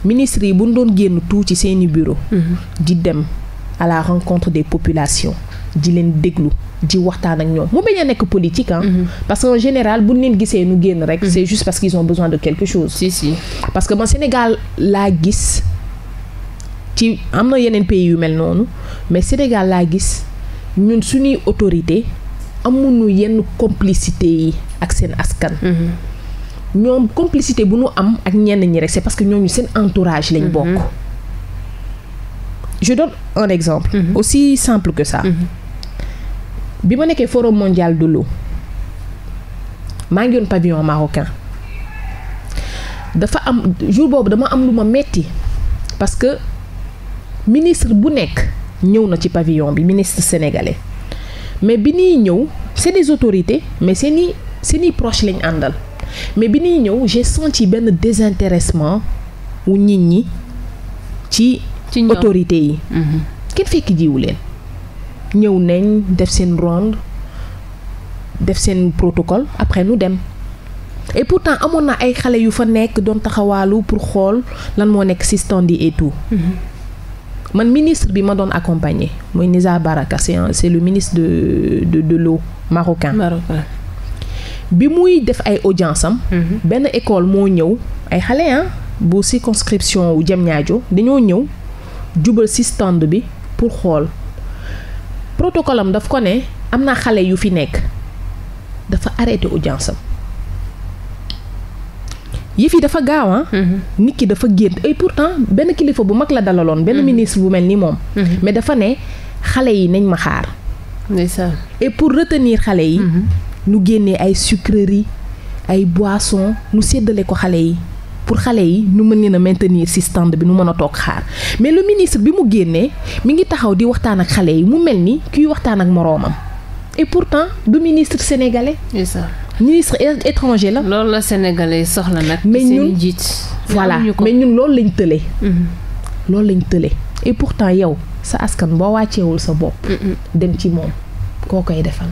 ministres yi bu ñu doon génn tuuti ci seeni bureau mm-hmm. di dem à la rencontre des populations di leen déglu di waxtaan ak ñoom mu bañ nekk politique ah. parce que en général buñ neen gisee nu génn rek. Mhm. c'est juste parce qu'ils ont besoin de parce que man Sénégal laa gis ci am na yeneen pays yu mel noonu mais Sénégal laa gis ñun suñuy autorité amuñu yenn complicité yi ak seen askan. Mhm. ñoom complicité bu ñu am ak ñenn ñi rek c'est parce que ñooñu seen entourage lañ bokk. je donne un exemple. aussi simple que ça. bi ma nekkee forum mondial de l'eau maa ngi yoon pavillon marocain dafa am jour boobu dama am lu ma metti parce que ministre bu nekk ñëw na ci pavillon bi ministre sénégalais mais bi ñuy ñëw c'est des autorités mais seen seeni seeni proche lañ àndal mais bi ñuy ñëw j'ai senti benn désintéressement wu nit ñi ci autorités yi mhm. kenn fekk jiwu leen ñëw nañ def seen ronde def seen protocole après nu dem et pourtant amoon na ay xale yu fa nekk doon taxawaalu pour xool lan moo nekk si stand yi et mhm. man ministre bi ma doon accompagner mooy Nizar Baraka c'est c'est le ministre de de de l'eau bi muy def ay audience am. Mhm. benn école moo ñëw ay xale ah bu circonscription wu Diamniadio dañoo ñëw jubal si bi pour xool. protocole am daf ko ne am na xale yu fi nekk dafa arrêté audience am yëf yi dafa gaaw ah. Mhm. nit ki dafa gént et pourtant benn kilifa bu mag la dalaloon. benn mhm. ministre bu mel ni moom. Mhm. mais dafa ne xale yi nañ ma xaar. ndeysaan et pour retenir xale yi. ñu génnee ay sucreries ay boissons ñu séddale ko xale yi. pour xale yi nu mën leen a maintenir si stand bi nu mën a toog xaar mais lu ministre bi mu génnee mi ngi taxaw di waxtaan ak xale yi mu mel ni kuy waxtaan ak moroomam et pourtant du ministre sénégalais. c'est ça. ministre étranger la. loolu la sénégalais soxla nag. mais ñun jiit voilà mais loolu lañ tëlee. Mm-hmm. loolu lañ tëlee et pourtant yow sa askan boo wàcceewul sa bopp. dem ci moom koo koy defal.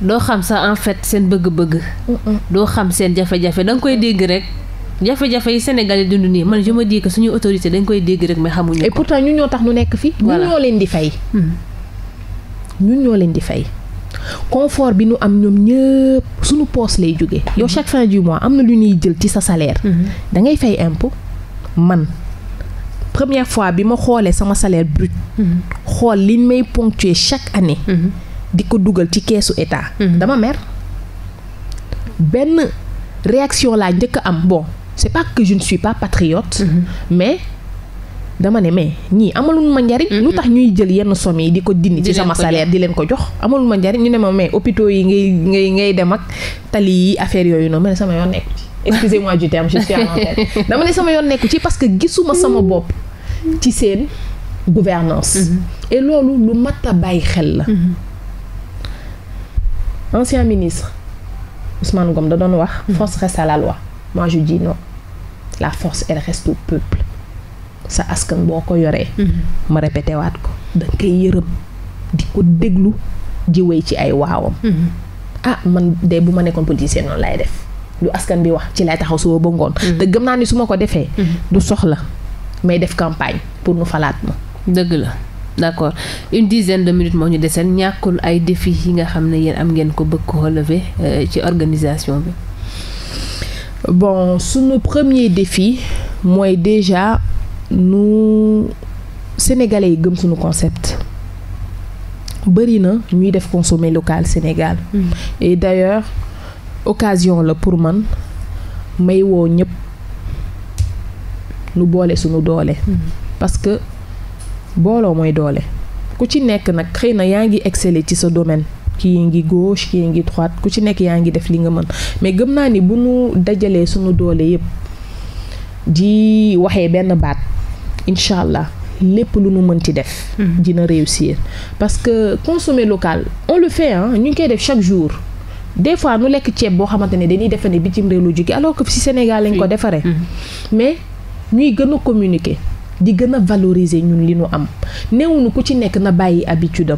doo xam sa en fait seen bëgg-bëgg. doo xam seen jafe-jafe da koy dégg rek. jafe-jafe yi Sénégal yi dund nii man je me dis que suñu autorité dañ koy dégg rek mais xamuñu ko. pourtant ñun ñoo tax nu nekk fii. ñun ñoo leen di fay. Hmm. ñun ñoo leen di fay. confort bi nu am ñoom ñëpp suñu poos lay jógee. Hmm. yow chaque fin du mois am na lu ñuy jël ci sa salaire. Hmm. dangay ngay fay impôt man. première fois bi ma xoolee sama salaire brut. xool liñ may ponctuer chaque année. di ko dugal ci keesu état. dama mer benn réaction laa njëkk am bo c'est pas que je ne suis pas patriote. Mm-hmm. mais dama ne mais ñii amalul ma njariñ. Mm-hmm. lu tax ñuy jël yenn somme yi di ko dindi. ci sama salaire di leen ko jox. amalul ma njariñ ñu ne ma mais hôpitaux yi ngay ngay ngay dem ak tali yi affaire yooyu noonu ma ne sama yoon nekk ci. excusez-moi du nekk ci parce que gisuma sama bopp ci seen gouvernance mm-hmm. et loolu lu matt a bàyyi xel la. ancien ministre Ousmane Ngom da doon wax. force reste la force elle reste peuple sa askan boo ko yoree. Mhm. ma répété waat ko da nga koy yërëm di ko déglu ji wéy ci ay waawam. Mhm. ah man de bu ma nekkoon politicien noonu laay def lu askan bi wax ci lay taxaw suba ba ngoon. Mhm. te gëm naa ni su ma ko defee. du soxla may def campagne pour nu falaat ma. dëgg la d' accord une dizaine de minutes moo ñu deseen ñàkkul ay défis yi nga xam ne yéen am ngeen ko bëgg ko relever euh, ci organisation bi. bon suñu premier défi mooy déjà nu sénégalais yi gëm suñu concept bëri na ñuy def consommer local Sénégal mm. d'ailleurs occasion la pour man may woo ñëpp nu boole sunu doole mm. parce que booloo mooy doole ku ci nekk nag xëy na yaa ngi exceller ci sa domaine kii ngi gauche kii ngi droite ku ci nekk yaa ngi def li nga mën mais gëm naa ni bu nu dajalee suñu doole yépp di waxee benn baat incha allah lépp lu nu mën ci def. Hmm. dina réussir parce que consommer local on le fait ah ñu ngi koy def chaque jour. des fois nu lekk ceeb boo xamante ne dañuy defe ne bitim réew lu jóge alors que si Sénégal lañ ko defaree. Hmm. mais ñuy gën a communiquer. di gën a valoriser ñun li nu am néewuñu ku ci nekk na bàyyi habitude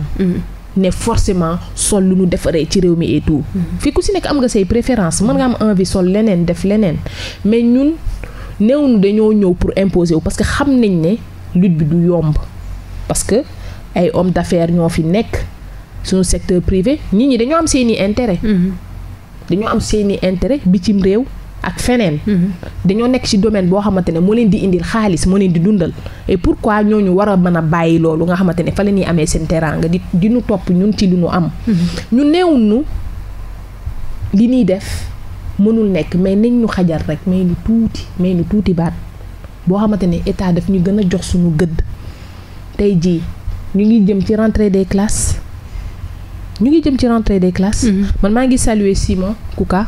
ne forcément sol lu ñu defaree ci réew mi et tout. Mhm. ku si nekk am nga say préférence mën nga am envi sol leneen def leneen mais ñun néew ñu dañoo ñëw pour imposer wu parce que xam nañ ne lut bi du yomb parce que ay hommes d'affaires ñoo fi nekk suñu secteur privé nit ñi dañoo am seeni intérêt. Mhm. dañoo am seeni bi cim réew. ak feneen. Mhm. dañoo nekk ci domaine boo xamante ne moo leen di indil xaalis moo leen di dundal et pourquoi ñooñu war a mën a bàyyi loolu nga xamante ne fa la ñuy amee seen teraanga di di nu topp ñun ci lu nu am. Mhm. ñu néewul nu li ñuy def mënul nekk mais nañ ñu xajal rek may nu tuuti may nu tuuti baat boo xamante ne état def ñu gën a jox suñu gëdd tey jii ñu ngi jëm ci rentrée de classes ñu ngi jëm ci rentrée des classes. Mhm. man maa ngi saluer Simon Kouka.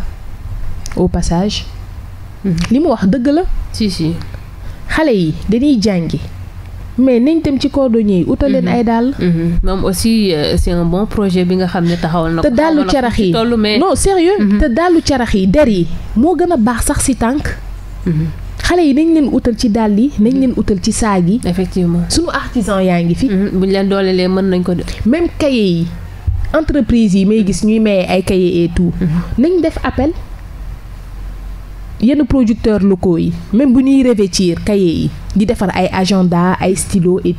au passage. Mhm. li mu wax dëgg la. si xale yi dañuy jàngi. mais nañ dem ci cordonnier yi utal leen mhm. ay dàll. Mhm. moom aussi euh, c'est un bon projet bi nga xam ne taxawal na ko. te dàllu carax yi non sérieux te dàllu carax yi der yi moo gën a baax sax si tànk. xale yi nañ leen wutal ci dàll yi nañ leen utal ci saag yi. effectivement suñu artisan yaa ngi fi. buñ leen dooleelee mën nañ ko def. même cahier yi entreprise yi may gis ñuy maye ay cahier et tout. nañ def appel. yenn producteurs locaux yi même bu ñuy revêtir cahier yi di defar ay agenda ay stylo et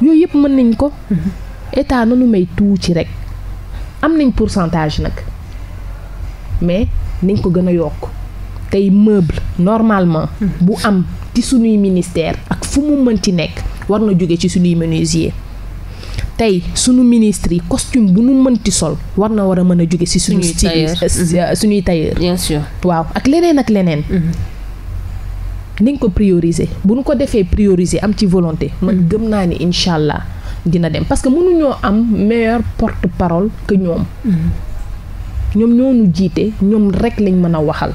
yooyu yëpp mën nañ ko mm-hmm. état nanu may tuuti rek am nañ pourcentage nag mais nañ ko gën a yokk tey meuble normalement mm-hmm. bu am ci sunuy ministère ak fu mu mënti nekk war na jóge ci suñuy menuisier tey suñu ministre yi costume bu nu mënti sol war na war a mën a jóge si suñuy style mm-hmm. suñuy tailleur bien sûr waaw ak leneen ak leneen mm-hmm. nañ ko prioriser bu ñu ko defee prioriser am ci volonté man mm-hmm. gëm naa ni incha allah dina dem parce que mënuñoo am meilleur porte parole que ñoom ñoom ñoo nu jiite ñoom rek lañ mën a waxal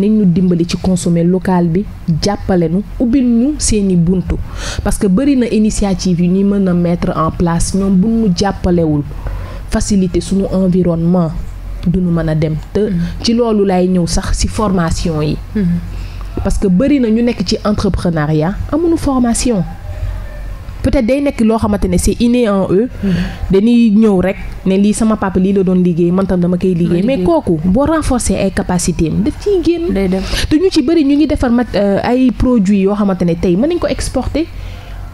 nañ ñu dimbali ci consommer local bi jàppale nu ubbil ñu seeni buntu parce que bëri na initiative yi ñuy mën a mettre en place ñoom bu ñu jàppalewul faciliter suñu environnement duñu mën a dem te mm-hmm. ci loolu lay ñëw sax ci formation yi mm-hmm. parce que bëri na ñu nekk ci entrepreneuriat amuñu formation peut-être day nekk loo xamante ne c'est inné en eux mm-hmm. dañuy ñëw rek ne lii sama papa lii la doon liggéey man dama koy liggéey mais kooku boo renforcer ay capacité am daf ciy génn te ñu ci bëri ñu ngi defar mat euh, ay produits yoo xamante ne tey mën nañ ko exporter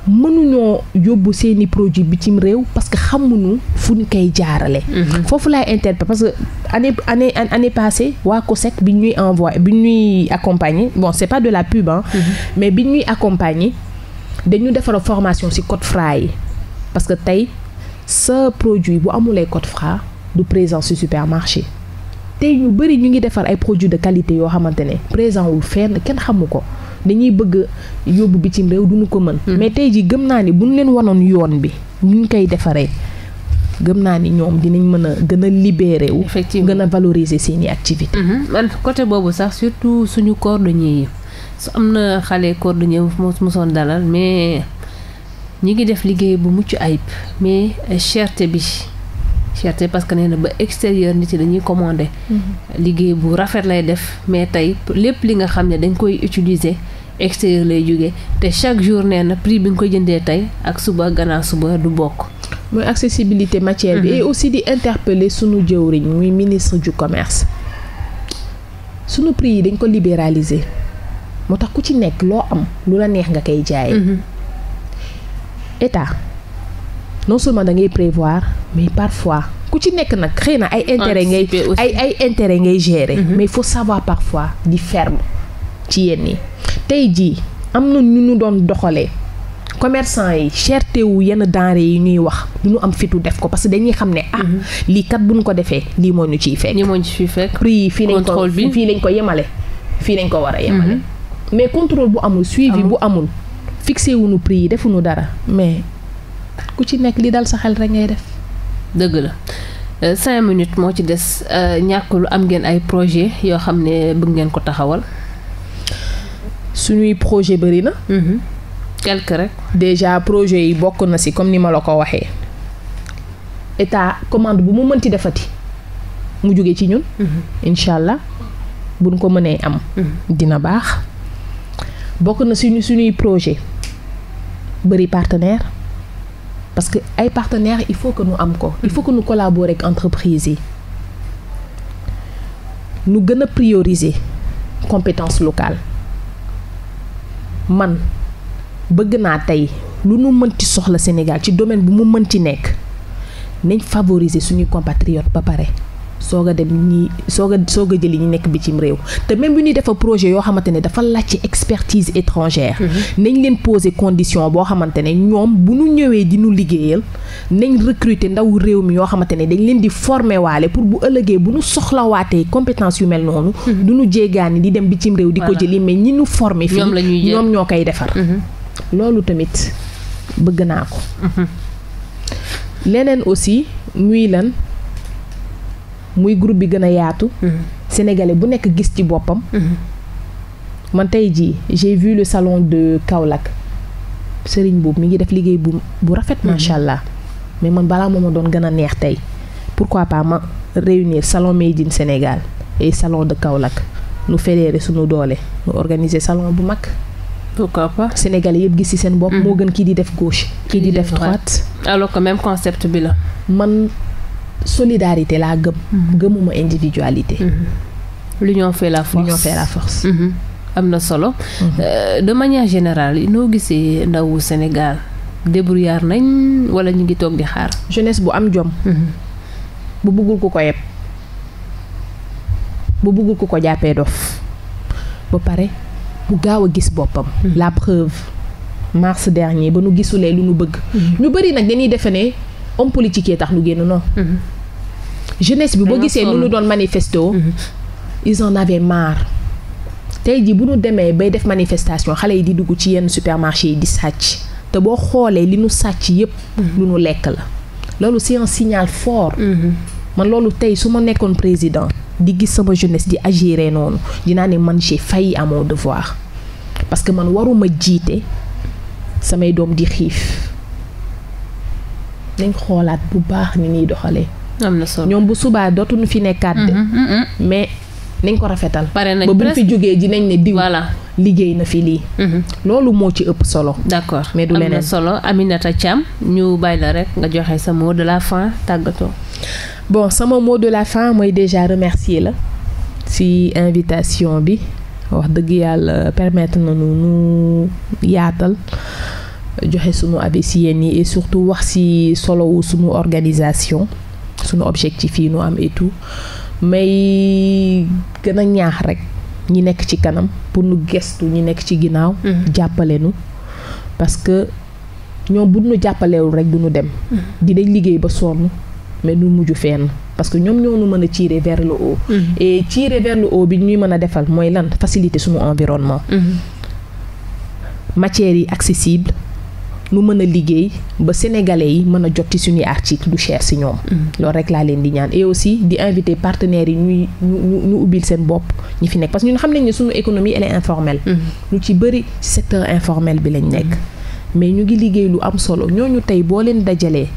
mënuñoo yóbbu seeni bi cim réew parce que xamuñu fu ñu koy jaarale mm-hmm. foofu laay interpellé parce que anne année année passée waa COSEC bi ñuy envoyé bi ñuy accompagner bon c'est pas de la pub hein, mm-hmm. mais bi ñuy accompagner dañu defara formation ci code FRA yi parce que tey sa produit bu amulee code FRA du présent ci supermarché tey ñu bëri ñu ngi defar ay produits de qualité yoo xamante ne présent wu fenn kenn xamu ko dañuy bëgg yóbbu bitim réew duñu ko mën. Hmm. mais tey ji gëm naa ni bu ñu leen wanoon yoon bi ñu ngi koy defaree gëm naa ni ñoom dinañ mën a gën a libéré wu. effectivement gën a valoriser seeni activité. man hmm. côté boobu sax surtout suñu cordonnier yi. su am na xale corde ñëw mosoon dalal mais ñi ngi def liggéey bu mucc ayib mais cherté bi cherté parce que nee na ba extérieur nit yi dañuy commandé mhm. liggéey bu rafet lay def mais tey lépp li nga xam ne dañ koy utiliser extérieur lay jógee te chaque jour nee na prix bi nga koy jëndee tey ak suba gannaaw suba du bokk mooy accessibilité matière bi mhm. et aussi di interpeller sunu jëwriñ muy ministre ju commerce sunu prix yi dañ ko libéraliser moo tax ku ci nekk loo am lu la neex nga koy jaayee. Mhm. état non seulement da ngay prévoir mais parfois ku ci nekk nag xëy na ay intérêt ngay ay ay ngay gérer. Mhm. mais il faut savoir parfois di ferme ci yenn yi tey jii am na ñu ñu doon doxalee. commerçant yi cherté wu yenn denrées yi ñuy wax du ñu am fitu def ko parce que dañuy xam ne ah. Mhm. lii kat bu ñu ko defee lii moo ñu ciy fekk. lii moo ñu ciy fekk prix yi fii lañ ko fii lañ ko yemale fii lañ ko war a yemale. mais contrôle bu amul suivi bu amul fixé wuñu prix yi defuñu dara mais ku ci nekk li dal sa xel rek ngay def dëgg la euh, cinq minutes moo ci des euh, ñàkkul am ngeen ay projet yoo xam ne bëgg ngeen ko taxawal suñuy projet bëri na mm-hmm. quelque rek déjà projet yi bokk na si comme ni ma la ko waxee état commande bu mu mënti defati mu jóge ci ñun mm-hmm. incha allah buñ ko mënee am mm-hmm. dina baax bokk na suñu suñuy projet bëri partenaire parce que ay partenaires il faut que nu am ko il faut que nu collaborer ak entreprise yi nu gën a prioriser compétence locale man bëgg naa tey lu nu mënti soxla Sénégal ci domaine bi mu mënti nekk nañ favoriser suñuy compatriotes ba pare soog a dem ñi soog soog a jëli ñi nekk bi cim réew te même bu ñuy defa projet yoo xamante ne dafa laaj expertise étrangère mhm. nañ leen poser condition boo xamante ne ñoom bu ñu ñëwee di ñu liggéeyal nañ recruter ndaw réew mi yoo xamante ne dañ leen di former waale pour bu ëllëgee bu ñu soxlawaatee compétence yu mel noonu mhm. du ñu jéegaani di dem bi cim réew di ko jëli mais ñi ñu former fii ñoom ñoo koy defar mhm. loolu tamit bëgg naa ko leneen aussi muy lan muy groupe bi gën a yaatu. Mhm. sénégalais bu nekk gis ci boppam. Mhm. man tey jii j'ai vu salon de Kaolack Serigne boobu mu ngi def liggéey bu bu rafet. Mhm. macha allah mais man balaa moom a doon gën a neex tey pourquoi pas ma réunir salon Made in Sénégal et salon de Kaolack nu fédéré suñu doole nu organiser salon bu mag. pourquoi pas sénégalais yëpp gis ci seen bopp. moo gën kii di def gauche. kii di def droite alors que même concept bi la man. solidarité laa gëm. Mhm. gëmuma individualité. Mhm. l'union fait la force l'union fait la force. Mhm. am na solo. Euh, de manière yi noo gisee ndawu Sénégal débrouillard nañ wala ñu ngi toog di xaar. jeunesse bu am jom. bu bëggul ku ko yeb bu bëggul ku ko jàppee dof ba pare bu gaaw a gis boppam. la preuve mars dernier ba nu gisulee lu nu bëgg. ñu bari nag dañuy defe ne. homme politique yee tax ñu génn non mhm. jeunesse bi boo gisee lu ñu doon manifesto mhm. ils en avaient marre tey jii bu nu demee bay def manifestation xale yi di dugg ci yenn supermarché yi di sàcc te boo xoolee li nu sàcc yépp mhm. lu ñu lekk la loolu c'est un signal fort man loolu tey su ma nekkoon président di gis sama jeunesse di agiré noonu dinaa ne man j'ai failli à mon devoir parce que man waruma jiite samay doom di xiif nañ xoolaat bu baax ni ñuy doxalee. am na solo ñoom bu subaa dootuñu fi nekkaat de. Mm-hmm, mm-hmm. mais nañ ko rafetal. pare nañ ba bu fi jógee ji nañ ne diw. liggéey na fi lii. Mm-hmm. loolu moo ci ëpp solo. d'accord mais du leneen am na solo Aminata ñu bay la rek nga joxe sa mot de la fin tàggatoo. bon sama mot de la fin mooy déjà remercier la si invitation bi wax dëgg yàlla permettre nañu nu yaatal. joxe sunu avis si yéen yi et surtout wax si solowu sunu organisation sunu objectif yi nu am et tout may gën a ñaax rek ñi nekk ci kanam pour nu gestu ñi nekk ci ginnaaw. Mm-hmm. jàppale nu parce que ñoom bu nu jàppalewul rek du nu dem. Mm-hmm. dinañ liggéey ba sonn mais nu mujj fenn. parce que ñoom ñoo nu mën a tirer vers le haut. Mm -hmm. et vers le haut bi ñuy mën a defal mooy lan faciliter suñu environnement. Mm matières yi accessible lu mën a liggéey ba sénégalais yi mën a jot ci suñuy article du cher si ñoom mm-hmm. loolu rek laa leen di ñaan et aussi di invité partenaires yi ñuy ñu ñu ubbil seen bopp ñi fi nekk parce que ñun xam nañ ne suñu économie elle est informelle lu mm-hmm. ci bëri secteur informel bi lañ nekk mm-hmm. mais ñu ngi liggéey lu am solo ñoo ñu tey boo leen dajalee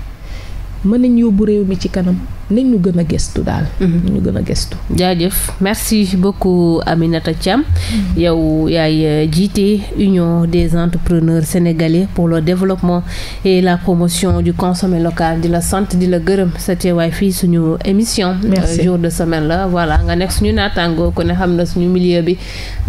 mën nañ yóbbu réew mi ci kanam nañ ñu gën a gëstu daal. Mhm. ñu gën a gëstu. jaajëf merci beaucoup Aminata cam mhm. yow yaay euh, jiite union des entrepreneurs sénégalais pour le développement et la promotion du consommé local di la sant di la gërëm sa teewaay fii suñu émission. Euh, merci jour de semaine la voilà nga nekk suñu naataangoo ko ne xam na suñu milieu bi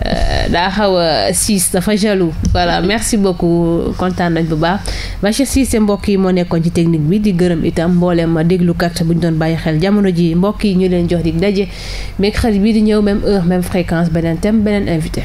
euh, daa xaw a siis dafa jaloux voilà merci beaucoup kontaan nañ bu baax Bachir Cissé mbokk yi moo nekkoon ci technique bi di gërëm itam mboolem déglukat bu bàyyi xel jamono ji mbokk yi ñu leen jox dig daje mercredi bii di ñëw même heure même fréquence beneen thème beneen invité.